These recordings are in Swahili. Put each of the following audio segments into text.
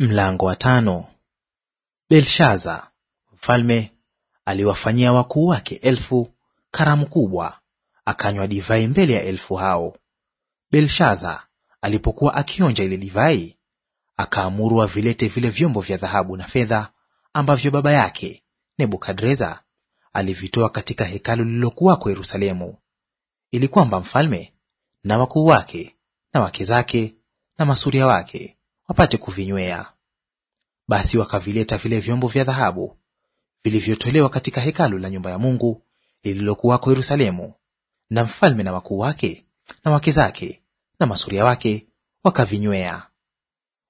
Mlango wa tano. Belshaza mfalme aliwafanyia wakuu wake elfu karamu kubwa, akanywa divai mbele ya elfu hao. Belshaza alipokuwa akionja ile divai, akaamuru vilete vile vyombo vya dhahabu na fedha ambavyo baba yake Nebukadreza alivitoa katika hekalu lililokuwako Yerusalemu, ili kwamba mfalme na wakuu wake na wake zake na masuria wake wapate kuvinywea. Basi wakavileta vile vyombo vya dhahabu vilivyotolewa katika hekalu la nyumba ya Mungu lililokuwako Yerusalemu, na mfalme na wakuu wake na wake zake na masuria wake wakavinywea.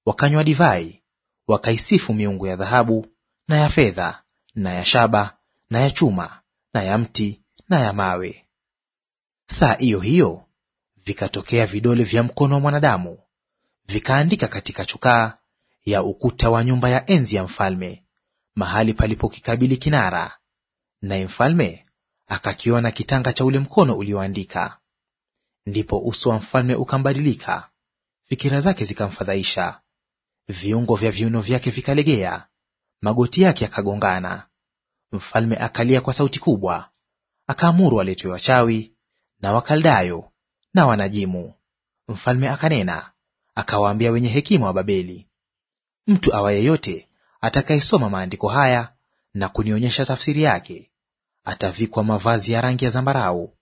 Wakanywa divai, wakaisifu miungu ya dhahabu na ya fedha na ya shaba na ya chuma na ya mti na ya mawe. Saa iyo hiyo vikatokea vidole vya mkono wa mwanadamu vikaandika katika chukaa ya ukuta wa nyumba ya enzi ya mfalme mahali palipokikabili kinara, naye mfalme akakiona kitanga cha ule mkono ulioandika. Ndipo uso wa mfalme ukambadilika, fikira zake zikamfadhaisha, viungo vya viuno vyake vikalegea, magoti yake yakagongana. Mfalme akalia kwa sauti kubwa, akaamuru waletwe wachawi na Wakaldayo na wanajimu. Mfalme akanena, akawaambia wenye hekima wa Babeli, mtu awa yeyote atakayesoma maandiko haya na kunionyesha tafsiri yake, atavikwa mavazi ya rangi ya zambarau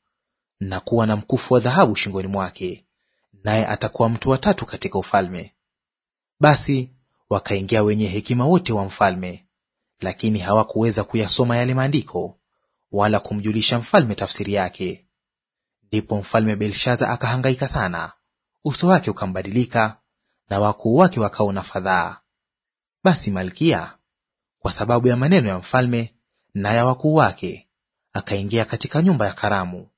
na kuwa na mkufu wa dhahabu shingoni mwake, naye atakuwa mtu wa tatu katika ufalme. Basi wakaingia wenye hekima wote wa mfalme, lakini hawakuweza kuyasoma yale maandiko wala kumjulisha mfalme tafsiri yake. Ndipo mfalme Belshaza akahangaika sana, uso wake ukambadilika, na wakuu wake wakaona fadhaa. Basi malkia kwa sababu ya maneno ya mfalme na ya wakuu wake, akaingia katika nyumba ya karamu.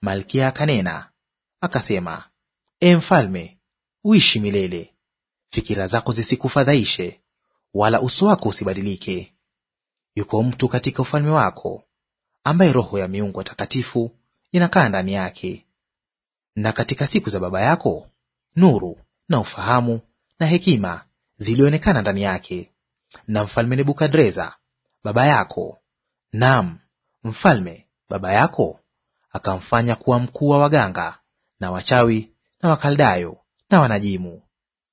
Malkia akanena akasema, E mfalme, uishi milele; fikira zako zisikufadhaishe, wala uso wako usibadilike. Yuko mtu katika ufalme wako ambaye roho ya miungu takatifu inakaa ndani yake. Na katika siku za baba yako nuru na ufahamu na hekima zilionekana ndani yake. Na mfalme Nebukadreza baba yako, naam mfalme baba yako, akamfanya kuwa mkuu wa waganga na wachawi na wakaldayo na wanajimu,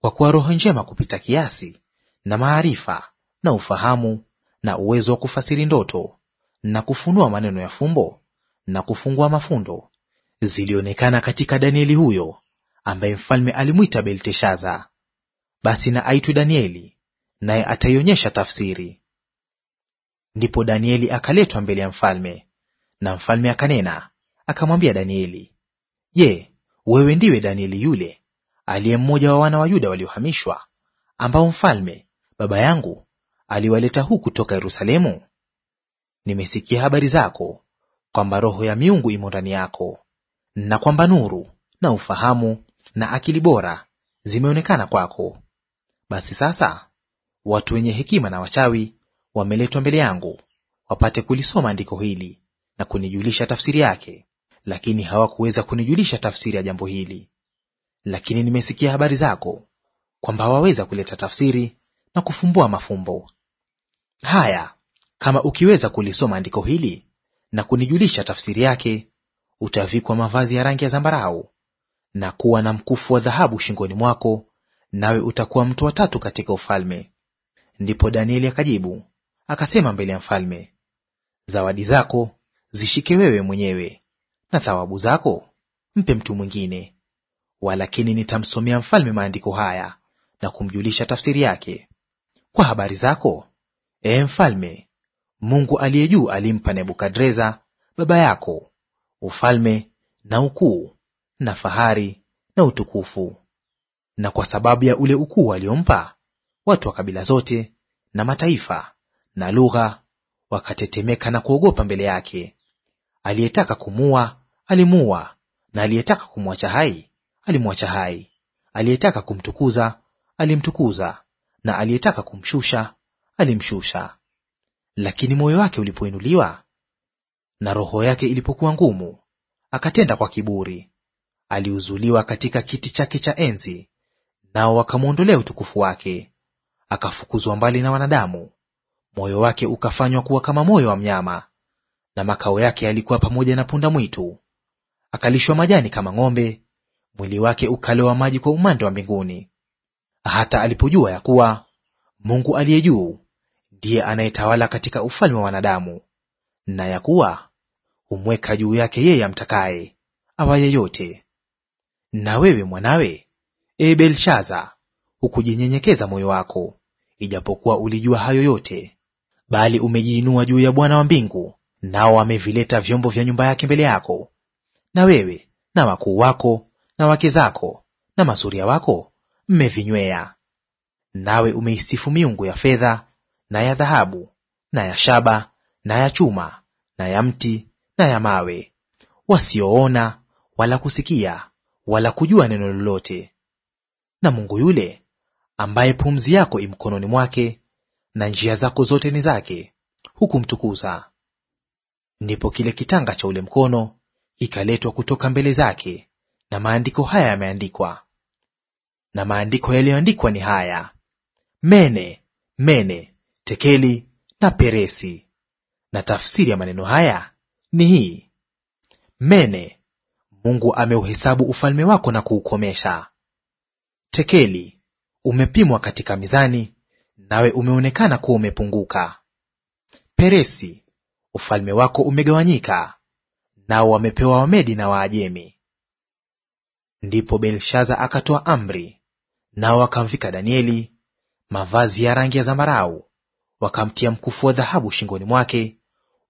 kwa kuwa roho njema kupita kiasi na maarifa na ufahamu na uwezo wa kufasiri ndoto na kufunua maneno ya fumbo na kufungua mafundo zilionekana katika Danieli huyo ambaye mfalme alimwita Belteshaza. Basi na aitwe Danieli, naye ataionyesha tafsiri. Ndipo Danieli akaletwa mbele ya mfalme, na mfalme akanena akamwambia Danieli, Je, wewe ndiwe Danieli yule aliye mmoja wa wana wa Yuda waliohamishwa, ambao mfalme baba yangu aliwaleta huku kutoka Yerusalemu? Nimesikia habari zako, kwamba roho ya miungu imo ndani yako, na kwamba nuru na ufahamu na akili bora zimeonekana kwako. Basi sasa watu wenye hekima na wachawi wameletwa mbele yangu, wapate kulisoma andiko hili na kunijulisha tafsiri yake, lakini hawakuweza kunijulisha tafsiri ya jambo hili. Lakini nimesikia habari zako, kwamba waweza kuleta tafsiri na kufumbua mafumbo haya. Kama ukiweza kulisoma andiko hili na kunijulisha tafsiri yake, utavikwa mavazi ya rangi ya zambarau na kuwa na mkufu wa dhahabu shingoni mwako, nawe utakuwa mtu wa tatu katika ufalme. Ndipo Danieli akajibu akasema mbele ya mfalme, zawadi zako zishike wewe mwenyewe, na thawabu zako mpe mtu mwingine. Walakini nitamsomea mfalme maandiko haya na kumjulisha tafsiri yake. Kwa habari zako, ee mfalme, Mungu aliye juu alimpa Nebukadreza baba yako ufalme na ukuu na fahari na utukufu. Na kwa sababu ya ule ukuu aliompa, watu wa kabila zote na mataifa na lugha wakatetemeka na kuogopa mbele yake. Aliyetaka kumua alimua na aliyetaka kumwacha hai alimwacha hai; aliyetaka kumtukuza alimtukuza, na aliyetaka kumshusha alimshusha. Lakini moyo wake ulipoinuliwa na roho yake ilipokuwa ngumu, akatenda kwa kiburi, aliuzuliwa katika kiti chake cha enzi, nao wakamwondolea utukufu wake. Akafukuzwa mbali na wanadamu, moyo wake ukafanywa kuwa kama moyo wa mnyama, na makao yake yalikuwa pamoja na punda mwitu. Akalishwa majani kama ng'ombe, mwili wake ukalewa maji kwa umande wa mbinguni, hata alipojua ya kuwa Mungu aliye juu ndiye anayetawala katika ufalme wa wanadamu, na ya kuwa humweka juu yake yeye amtakaye awaye yote. Na wewe mwanawe, ee Belshaza, hukujinyenyekeza moyo wako, ijapokuwa ulijua hayo yote, bali umejiinua juu ya Bwana wa mbingu, nao amevileta vyombo vya nyumba yake mbele yako. Na wewe na wakuu wako na wake zako na masuria wako mmevinywea. Nawe umeisifu miungu ya fedha na ya dhahabu na ya shaba na ya chuma na ya mti na ya mawe, wasioona wala kusikia wala kujua neno lolote. Na Mungu yule ambaye pumzi yako imkononi mwake na njia zako zote ni zake, hukumtukuza. Ndipo kile kitanga cha ule mkono kikaletwa kutoka mbele zake, na maandiko haya yameandikwa. Na maandiko yaliyoandikwa ni haya: Mene, Mene, Tekeli na Peresi. Na tafsiri ya maneno haya ni hii: Mene Mungu ameuhesabu ufalme wako na kuukomesha. Tekeli, umepimwa katika mizani, nawe umeonekana kuwa umepunguka. Peresi, ufalme wako umegawanyika, nao wamepewa Wamedi na Waajemi. Ndipo Belshaza akatoa amri, nao wakamvika Danieli mavazi ya rangi ya zambarau, wakamtia mkufu wa dhahabu shingoni mwake,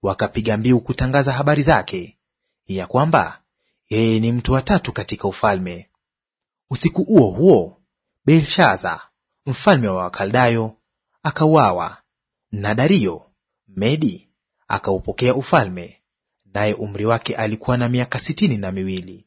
wakapiga mbiu kutangaza habari zake, ya kwamba yeye ni mtu wa tatu katika ufalme. Usiku huo huo Belshaza mfalme wa Wakaldayo akauawa, na Dario Medi akaupokea ufalme, naye umri wake alikuwa na miaka sitini na miwili.